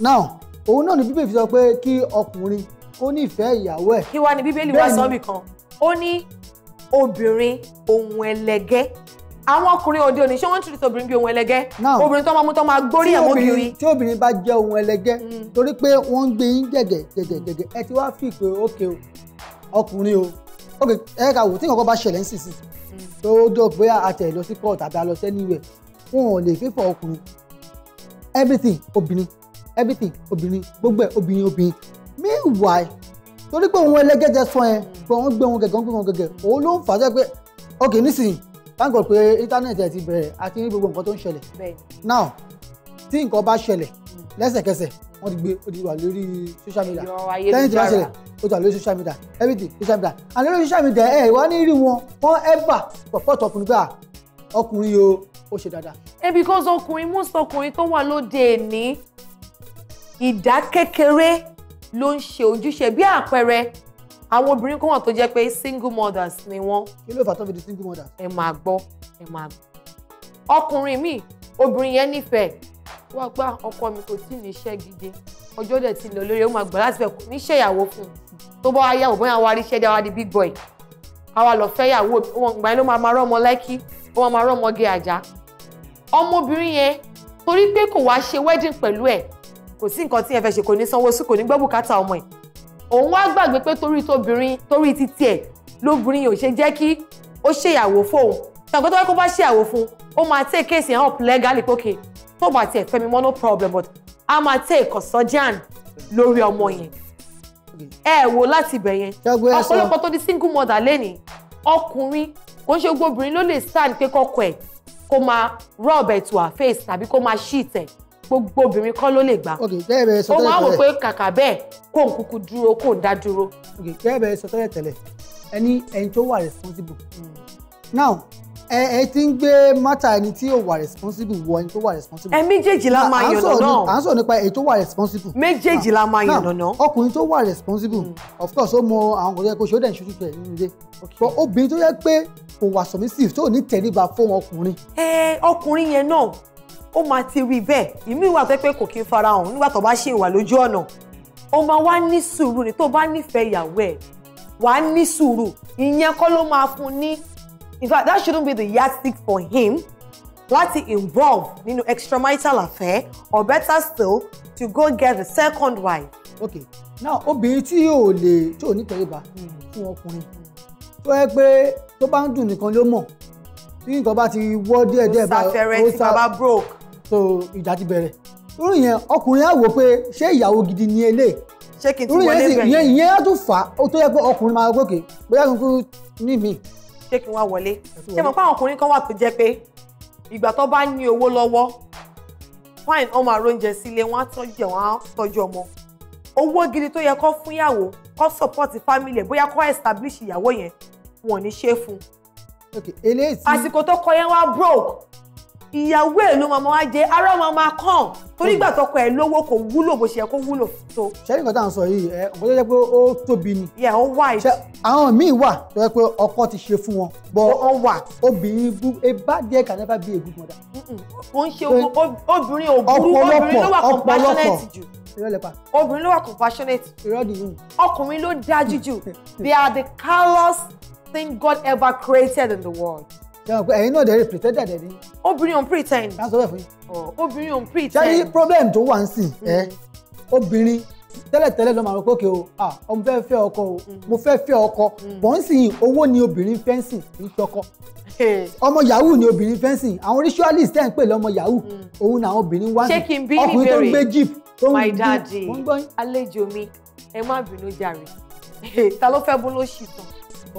now òun náà ni bíbélì fi sọ pé kí ọkùnrin kó nífẹ̀ẹ́ ìyàwó ẹ̀. kí wàá ní bíbélì wá sọ́ọ̀bì kan ó ní obìnrin ohun ẹlẹgẹ́ àwọn ọkùnrin òde òní ṣé wọ́n ń tìrì tóbìnrin bí ohun ẹlẹgẹ́ obìnrin tó máa tó máa gbórí àwọn obìnrin. tí obìnrin bá jẹ́ ohun ẹlẹgẹ́ mm. torí pé wọ́n ń gbé yín gẹ̀gẹ̀ gẹ̀gẹ̀ gẹ̀gẹ̀ ẹ ti wá fi pé ókè o ọkùnrin o ókè ẹ ká wò tí nǹkan bá ṣẹlẹ̀ ń sìsì tó mm. jọ pé àtẹ̀ lọ sí court àbí alọ sẹ́niwẹ̀ wọn ò lè fífọ̀ ọkùnrin everything obìnrin thank God pé íńtánẹ́ẹ̀tì ẹ̀ ti bẹ̀rẹ̀ àti ní gbogbo nǹkan tó ń ṣẹlẹ̀ now tí nǹkan bá ṣẹlẹ̀ hmm. lẹ́sẹ̀kẹsẹ̀ wọ́n ti gbé ó ti wà lórí social media tẹ́yìn tí wọ́n ṣẹlẹ̀ ó ti wà lórí social media everything social media and lórí social media ẹ̀ wá ní rí wọn wọ́n ever support ah, ọkùnrin gbà ọkùnrin yìí ó ṣe dáadáa. ẹ eh, because ọkùnrin most ọkùnrin tó wà lóde èní ìdá kékeré ló ń ṣe ojúṣe bí àpẹẹrẹ àwọn obìnrin kan wà tó jẹ́ pé single mothers ni wọ́n. kí ló fà tó fi di single mothers. ẹ máa gbọ́ ẹ máa gbọ́. ọkùnrin mi obìnrin yẹn nífẹ̀ẹ́ wọ́n gbá ọkọ mi kò tí ì níṣẹ́ gidi ọjọ́ dẹ̀ ti lọ lórí ó máa gbà láti fẹ́ níṣẹ́ ìyàwó fún un tó bá yá òbí wa rí iṣẹ́ dáwà di big boy àwa lọ fẹ́ ìyàwó wọn gbà yẹn ló máa máa rọ́mọ lẹ́kí ó máa máa rọ́mọ gé àjá ọmọbìnrin yẹn torí pé kò wá ṣe wedding pẹ̀lú ẹ̀ kò sí nǹkan tí yẹn fẹ́ ṣe kò ní sanwó sí kò ní gbọ́ bùkátà ọmọ ẹ̀ òun wá gbàgbé pé torí tóbìnrin torí títí ẹ̀ lóbìnrin yìí ò ṣe jẹ́ kí ó ṣèyàwó fóun tàbí tó wá kó bá ṣèyàwó fún ó máa tẹ̀ kéèsì yẹn up legally pókè tó bá tiẹ̀ fẹ́mi mọ́ no problem but a máa tẹ̀ ìkọ̀sọ́jàn lórí ọmọ yẹn ẹ wò láti bẹ̀ yẹn ọ̀pọ̀lọpọ̀ tó di single mother lẹ́nìí ọkùnrin kò ń ṣe gbogbo obìnrin ló lè stand pé kọ́kọ́ ẹ̀ kó máa rub ẹ̀ her face tàbí kó máa shit ẹ̀ gbogbo obìnrin kọ́ ló lè gbà ó máa wò pé kàkà bẹ́ẹ̀ kó n kúkú dúró kó n dá dúró. bẹ́ẹ̀ bẹ́ẹ̀ sọ tẹ́lẹ̀ tẹ́lẹ̀ ẹni ẹni tó wà responsible hmm. now ẹ ẹ ti ń gbé mata ẹni tí yóò wà responsible wọ ẹni tó wà responsible. ẹ méjèèjì la máa yànnà náà à ń sọ̀rọ̀ nípa èyí tó wà responsible. méjèèjì la máa yànnà náà. ọkùnrin tó wà responsible hmm. of course ó mọ àwọn kòtò yẹ kó ṣe ó dẹ̀ ń ṣojú rẹ̀ nínú ilé. but obìnrin tó yẹ pé kò wà submissive tó ní tẹríba fún ọkùnrin. ẹ ọkùnrin yẹn náà ó máa ti rí bẹ́ẹ̀ ìmí ìwà tó pé kò kí n farahàn nígbà tó bá ṣe ìwà lójú ọ̀nà ó máa wá ní sùúrù ni tó bá nífẹ̀ẹ́ ìyàwó ẹ̀ wà ní sùúrù ìyẹn kọ́ ló máa fún ní in fact that shouldn't be the yardstick for him láti involve nínú extramarital affair or better still to go get the second wife. Okay. now obìnrin tí yóò lè tí ò ní tẹríba fún ọkùnrin tó yẹ pé tó bá ń dùn nìkan ló mọ̀ bí nǹkan bá ti wọ́ díẹ̀díẹ̀ bá ó sá fẹ́rẹ́ tí bàbá broke so ìjà ti bẹ̀rẹ̀ lórí yẹn ọkùnrin á wò pé ṣé ìyàwó gidi ni eléyìí ṣé kí n ti wọlé bẹ̀yìn ìyẹn ìyẹn á tún fà á tó yẹ pé ọkùnrin máa gòkè bóyá kúkú ní mi. ṣé kí n wá wọlé ṣé mo pa àwọn ọkùnrin kan wà tó jẹ́ pé ìgbà tó bá ní owó lọ́wọ́ fine ọmọ àròjẹ sílé wọn á tọ́jú ẹ̀ wọ́n á tọ́jú ọmọ owó gidi tó yẹ kó fún ìyàwó kó support family ẹ̀ bóyá kó establish ìyàwó yẹn wọn ò ní ṣe fún. àsìkò tó kọ yẹn wá broke ìyàwó ẹ̀ ló máa wá jẹ ara máa máa kàn torígbà hmm. tọkọ ẹ̀ lówó kò wúlò bó ṣe yẹ kó wúlò tó. ṣẹ́ni kan tá à ń sọ yìí ẹ ọ̀pọ̀ tó jẹ́ pé ó tóbi ni. yẹ ó wà yìí. àwọn míì wà tó jẹ́ pé ọkọ ti ṣe fún wọn. bọ ọ wà. obìnrin bú a bad girl can never be a good mother. kò ń ṣe obìnrin ò burú obìnrin ló wà compassionate jù irọ́ lẹ́pa. obìnrin ló wà compassionate. irọ́ nìyí. ọkùnrin ló dájú jù they are the callous thing God ever created in the world jẹun pé ẹ̀yin náà dẹ̀ rí pretend dẹ̀ ní. obìnrin on pretend. ká sọ bẹ́ẹ̀ fún yín. Oh, obìnrin on pretend. ṣé problem tó wà ń sìn mm. ẹ́ obìnrin tẹ́lẹ̀tẹ́lẹ̀ ló máa rò pé òkè o ọmọ fẹ́ fẹ́ ọkọ o mm. mo fẹ́ fẹ́ ọkọ mm. bọ́ǹsì owó ni obìnrin fẹ́ǹsì ń tọkọ ọmọ yahoo ni obìnrin fẹ́ǹsì àwọn ritualist tẹ́ ń pè lọ́mọ yahoo òun ni àwọn obìnrin wá sí ọkùnrin tó ń gbé jeep tó ń gbé wọ́n My yín. àlejò mi ẹ má bínú jàre ta ló fẹ́ bó ló ṣì tán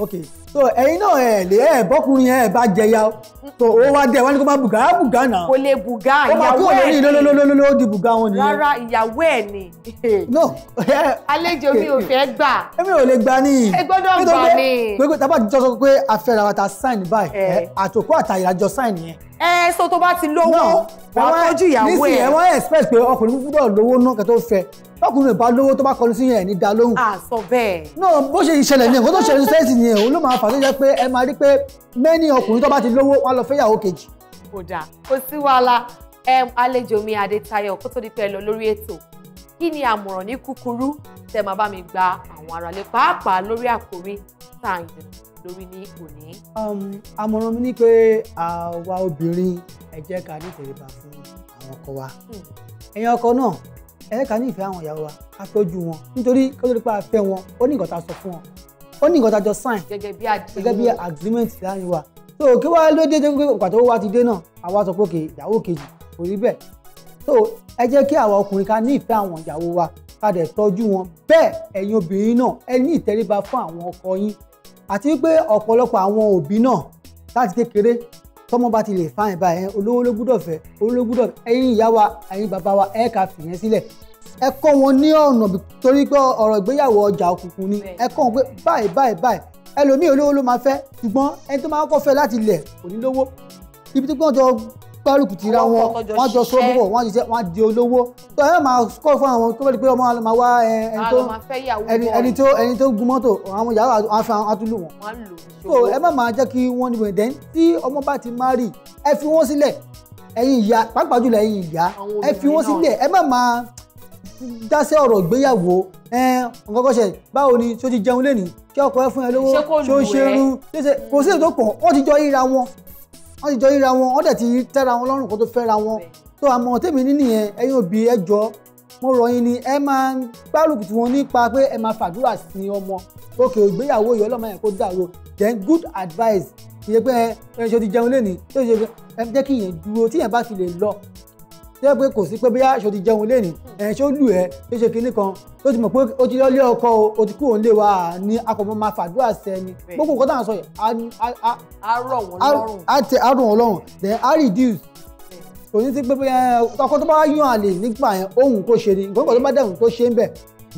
ok so ẹ̀yin náà ẹ lè ẹ bọkùnrin yẹn ẹ bá jẹya so ó wá dé wọn ni kó máa bùgá bùgá náà. kò lè bùgá ìyàwó ẹ ni lólólólóló di bùgá wọn nìyẹn. rárá ìyàwó ẹ ni. no àlejò mi ò fẹ́ gbà. èmi ò lè gbà ni. ẹ gbọ́dọ̀ gbà ni. pé tábà ti jọ sọ pé afẹ́ra wa ta sign báyìí àtòkù àtàyè àjọ sign yẹn ẹ so tó bá ti lówó wàá tọ́jú ìyàwó ẹ̀. nísìnyẹn wọ́n expect pé ọkùnrin gbọ́dọ̀ lówó náà kẹ́ tó fẹ́ tọkùnrin bá lówó tó bá kọlu sí yẹn ní dá lóhùn. à sọ bẹ́ẹ̀. náà bó ṣe ìṣẹ̀lẹ̀ ní ẹ̀kọ́ tó ṣẹlẹ̀ sẹ́ẹ̀sì ni ẹ̀ òun ló máa fà tó jẹ́ pé ẹ máa rí pé mẹ́ni ọkùnrin tó bá ti lówó wọn lọ fẹ́ yàwó kejì. kò dáa kò sí wàhálà àlejò mi Adétayọ̀ kó tó di pé ẹ lọ lórí ètò kí ni àmọ̀ràn ní kúkúrú tẹ́ máa bá mi gba àwọn aráalé pàápàá lórí àkórí tá lórí ní òní. Um, àmọ̀ràn mi ni pé àwa obìnrin ẹ jẹ́ ká ní ìtẹríba fún àwọn ọkọ wa hmm. ẹ̀yin ọkọ náà ẹ jẹ́ ká ní ìfẹ́ àwọn ìyàwó wa ká tọ́jú wọn nítorí kó tó pé a fẹ́ wọn ó ní nǹkan tá a sọ fún wọn ó ní nǹkan tá a jọ sign gẹ́gẹ́ bí agreement láàrin wa so kí wàá ló dé pé pàtó wa ti dé náà àwa sọ pé òkè ìyàwó kejì kò rí bẹ́ẹ̀ so ẹ jẹ́ kí àwa ọkùnrin ká ní ìfẹ́ àwọn ìyàwó wa ká dẹ̀ tọ́jú wọn bẹ́ẹ̀ ẹ̀yin obìnrin náà ẹ ní ìtẹríba fún àwọn ọkọ yín àti wípé ọ̀pọ̀lọpọ̀ àwọn òbí náà láti kékeré tọ́mọ bá ti lè fa ẹ̀ báyẹn olówó ló gbúdọ̀ fẹ́ olówó ló gbúdọ̀ ẹ̀yin ìyá wa ẹ̀yin bàbá wa ẹ̀ ká fìyẹn sílẹ̀ ẹ kọ́ wọn ní ọ̀nà torí pé ọ̀rọ̀ ìgbéyàwó ọjà òkùnkùn ni ẹ kọ́ wọn pé báyìí báyìí báyìí ẹlòmíì olówó ló máa fẹ́ ṣùgbọ́n ẹni tó máa kọ́ fẹ́ láti lẹ̀ kò ní lówó ibi tí wọ́n gbárùkù ti ra wọn wọ́n jọ sọ bọ̀ wọ́n ṣiṣẹ́ wọ́n di olówó tó ẹ máa kọ́ fún àwọn tó bẹ̀rẹ̀ pé ọmọ máa wá ẹni tó ẹni tó gun mọ́tò àwọn yàrá afa atúlù wọn. so ẹ má máa jẹ́ kí wọ́n níbẹ̀ dẹ́n tí ọmọ bá ti má rì ẹ fi wọ́n sílẹ̀ ẹ̀yin ìyá pàápàá jùlọ ẹ̀yin ìyá ẹ fi wọ́n sílẹ̀ ẹ má máa dáṣẹ́ ọ̀rọ̀ ìgbéyàwó nǹkan báwo ni ṣó ti jẹun lénìí kí ọkọ ẹ fún ẹ lówó ṣó ṣe rú kò sí ètò pọ̀ wọ́n ti jọ ríra wọn wọ́n ti jọ ríra wọn wọ́n dẹ̀ ti tẹ́ra wọn lọ́rùn kó tó fẹ́ra wọn tó àmọ́ tèmi nìyẹn ẹ̀yin òbí ẹ mo rọ̀ yín ni ẹ máa ń gbárùkù tí wọ́n nípa pé ẹ máa fàdúrà sí ọmọ òkè ìgbéyàwó yìí ọlọ́mọ yẹn kó dàrú then good advice ìyẹn pé ẹ ẹ ṣe ti jẹun lẹ́nìí tó ṣe ẹ jẹ́ kí yẹn dúró tí yẹn bá ti lè lọ tẹ́ pé kò sí pé bóyá aṣọ ti jẹun lé ní ẹ̀ ṣó lù ẹ́ ṣó ṣe kinní kan tó ti mọ̀ pé ó ti lọ́lé ọkọ o ó ti kúrò ń lé wa ní akọ̀mọ́ máa fàdúrà sẹ́ni gbogbo nǹkan tá à ń sọ yẹn á rọ̀ a a á rọ̀ wọ́n lọ́rùn then á reduce kò ní sí pé bóyá ọkọ tó bá yàn àlè nígbà yẹn ohun kò ṣe ni nǹkan tó bá dẹ̀hùn tó ṣe ń bẹ̀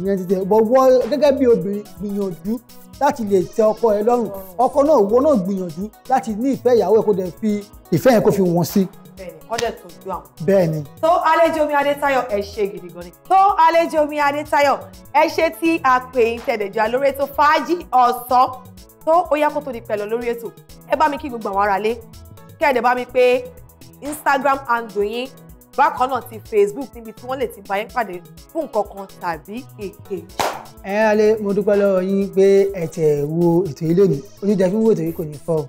ìyẹn ti tẹ̀ bọ̀ wọ gẹ́gẹ́ bí obìnrin gbìyànjú láti lè tẹ́ ọkọ ẹ lọ́rùn ọkọ náà wọ náà gbìyànjú láti ní ìfẹ́ ìyàwó ẹ kó dẹ̀ fi ìfẹ́ yẹn kó fi wọ́n sí bẹ́ẹ̀ni wọ́n dẹ̀ tún ju àwọn. bẹ́ẹ̀ni. mi adétayọ̀ ẹ ṣe gidi gan ni. tó mi adétayọ̀ ẹ ṣe ti a pè yín tẹ̀dẹ̀jọ́ lórí ètò fàájì ọ̀sán tó ó yá kó tó di pẹ̀lọ́ lórí ètò ẹ bá mi kí gbogbo àwọn aráalé kẹ́ẹ̀dẹ̀ bá mi pé Instagram handle yín bákan náà ti Facebook níbi tí wọ́n lè ti bá yín pàdé fún nǹkan kan tàbí èkejì. ẹ ẹ alẹ mo dúpẹ́ lọ́wọ́ yín pé ẹ wo ètò yìí lónìí ojú tẹ fi wo ètò yìí kò ní fọ́ o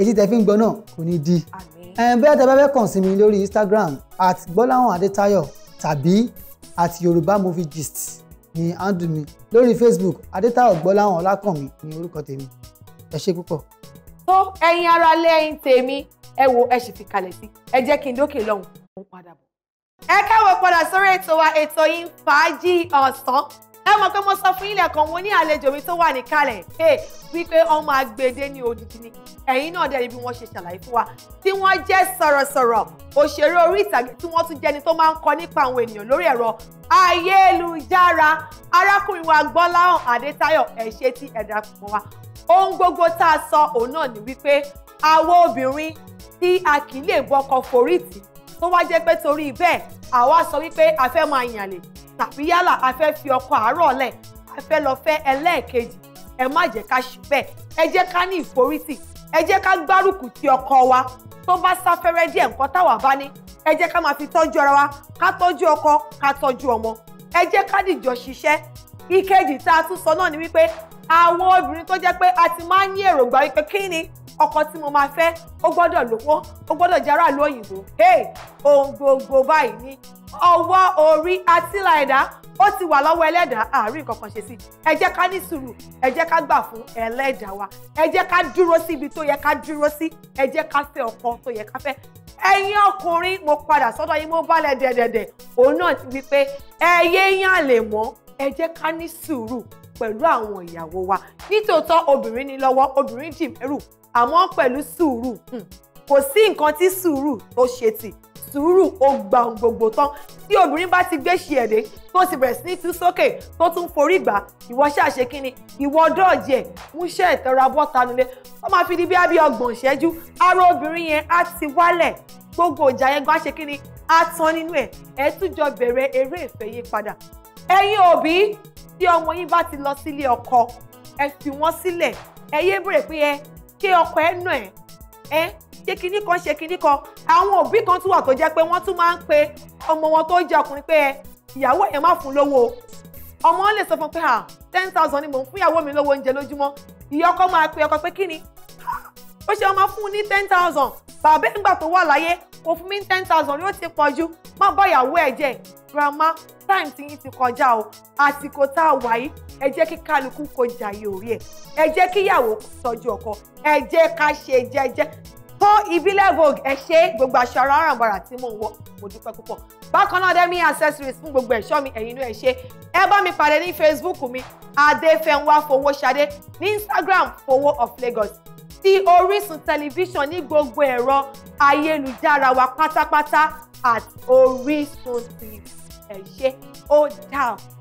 ètò tẹ fi ń gbọ́ náà kò ní di. àmín bẹ́ẹ̀ tẹ́ bá fẹ́ kàn sí mi lórí Instagram at gbọ́láhàn adétayọ̀ tàbí at yorùbá movie gist ní andu mi lórí Facebook adétayọ̀ gbọ́láhàn ọlákànmí ní orúkọ tèmi ẹ ṣe púpọ̀. tó ẹ̀yin ara lẹ́yìn tèmi ẹ wo ẹ sì fi kalẹ̀ sí ẹ jẹ́ kí n dókè lọ́hùn-ún padà bọ̀. ẹ káwọ́ padà sórí ètò wa ètò yìí fàájì ọ̀sán ẹ mọ̀ pé mo sọ fún ilẹ̀ kan mo ní àlejò mi tó wà níkàlẹ̀ wípé ọmọ agbede ní odidi ni ẹ̀yin náà dẹ̀ rí bí wọ́n ṣe ṣàlàyé fún wa tí wọ́n jẹ́ sọ̀rọ̀sọ̀rọ̀ òṣèré orí ìtàgé tí wọ́n tún jẹ́ni tó máa ń kọ nípa àwọn ènìyàn lórí ẹ̀rọ ayélujára arákùnrin wa Gbọ́láhàn Adétáyọ̀ ẹ ṣé tí ẹ darapọ̀ wa ohun gbogbo tá a sọ òun náà ni wípé àwọn obìnrin tí a kì í lè bọ́kọ forí tó wá jẹ́ pé torí bẹ́ẹ̀ àwa sọ wípé a fẹ́ máa yànlè tàbí yálà a fẹ́ fi ọkọ àárọ̀ lẹ̀ a fẹ́ lọ fẹ́ ẹlẹ́ẹ̀kejì ẹ má jẹ́ ká ṣe bẹ́ẹ̀ ẹ jẹ́ ká ní ìforítì ẹ jẹ́ ká gbárùkù ti ọkọ wa tó bá sáfẹ́rẹ́ díẹ̀ nǹkan táwa bá ní ẹ jẹ́ ká máa fi tọ́jú ara wa ká tọ́jú ọkọ ká tọ́jú ọmọ ẹ jẹ́ ká dìjọ ṣiṣẹ́ ìkejì tá a tún sọ náà ni wípé àwọn obìnrin tó jẹ́ pé a ti máa ń ní èròǹgbà wípé kí ni ọkọ tí mo máa fẹ́ ó gbọ́dọ̀ lówó ó gbọ́dọ̀ jẹ́ aráàlú òyìnbó hey ohun gbogbo báyìí ni. ọwọ́ orí àtìlà ẹ̀dá ó ti wà lọ́wọ́ ẹlẹ́dàá àárín nǹkan kan ṣe sí ẹ jẹ́ ká ní sùúrù ẹ jẹ́ ká gbà fún ẹlẹ́dàá wa ẹ jẹ́ ká dúró sí ibi tó yẹ ká dúró sí ẹ jẹ́ ká fẹ́ ọkọ tó yẹ ká fẹ́ ẹ̀yin ọkùnrin mo padà sọ́dọ̀ yín mo balẹ̀ dẹ̀dẹ̀dẹ̀ òun náà ti wí pé ẹ̀yẹ́ lè mọ́ ẹ jẹ́ ká ní sùúrù pẹ̀lú àwọn ìyàwó wa nítòótọ́ obìnrin ni lọ́wọ́ obìnrin dì mẹ́rù àmọ́ pẹ̀lú sùúrù hmm, kò sí nǹkan tí sùúrù tó ṣe tì sùúrù ó gba ohun gbogbo tán tí obìnrin bá ti gbé ṣe ẹ̀dẹ́ tó ti bẹ̀rẹ̀ sí ní tú sókè tó tún forí gbà ìwọ ṣàṣe kínni ìwọ dọ́ọ̀jì ẹ̀ múṣẹ́ ìtọ́ra bọ́ta nulẹ̀ ó máa fi di bí abí ọgbọ̀n ìṣẹ́jú ara obìnrin yẹn á ti wálẹ̀ gbogbo ìjà yẹn gan ṣe kínni á tán nínú ẹ̀ ẹ̀ tún jọ bẹ̀rẹ̀ eré ìfẹ́ yí padà ẹ̀yin òbí tí ọmọ yín bá ti lọ sílé ọkọ ẹ fi wọ́n sílẹ̀ ẹ yé bèrè pé ẹ ṣé ọkọ ẹ nà ẹ ẹ ṣé kinní kan ṣe kinní kan àwọn òbí kan tún wà tó jẹ́ pé wọ́n tún máa ń pe ọmọ wọn tó jẹ́ ọkùnrin pé ẹ ìyàwó ẹ má fún lówó ọmọ lè sọ fún pé ha ten thousand ni mò ń fún ìyàwó mi lówó oúnjẹ lójúmọ́ ìyá ọkọ máa pe ọkọ pé kíni ó ṣe ọmọ fún un ní ten thousand bàbá ìgbà tó wà láyé kò fún mi ní ten thousand ni ó ti pọ̀ jù má bá ìyàwó ẹ̀ jẹ́ grandma time ti yín ti kọjá o àsìkò tá a wà yìí ẹ jẹ́ kí kálukú kó jàyè orí ẹ̀ ẹ jẹ́ kí ìyàwó tọ́jú ọkọ ẹ jẹ́ ká ṣe jẹ́jẹ́ tó ìbílẹ̀ vogue ẹ ṣe gbogbo aṣọ ara àrànbarà tí mò ń wọ mo dúpẹ́ púpọ̀ bákan náà dẹ́mi accessories fún gbogbo ẹ̀ṣọ́ mi ẹ̀yin inú ẹ̀ ṣe ẹ bá mi pàdé ní Facebook mi adéfẹ́nwá fowóṣadé ní Instagram fowó of Lagos ti Orísun tẹlifíṣàn ní gbogbo ẹ̀rọ ayélujára wa pátápátá at Orísun TV ẹ ṣé ó dà o.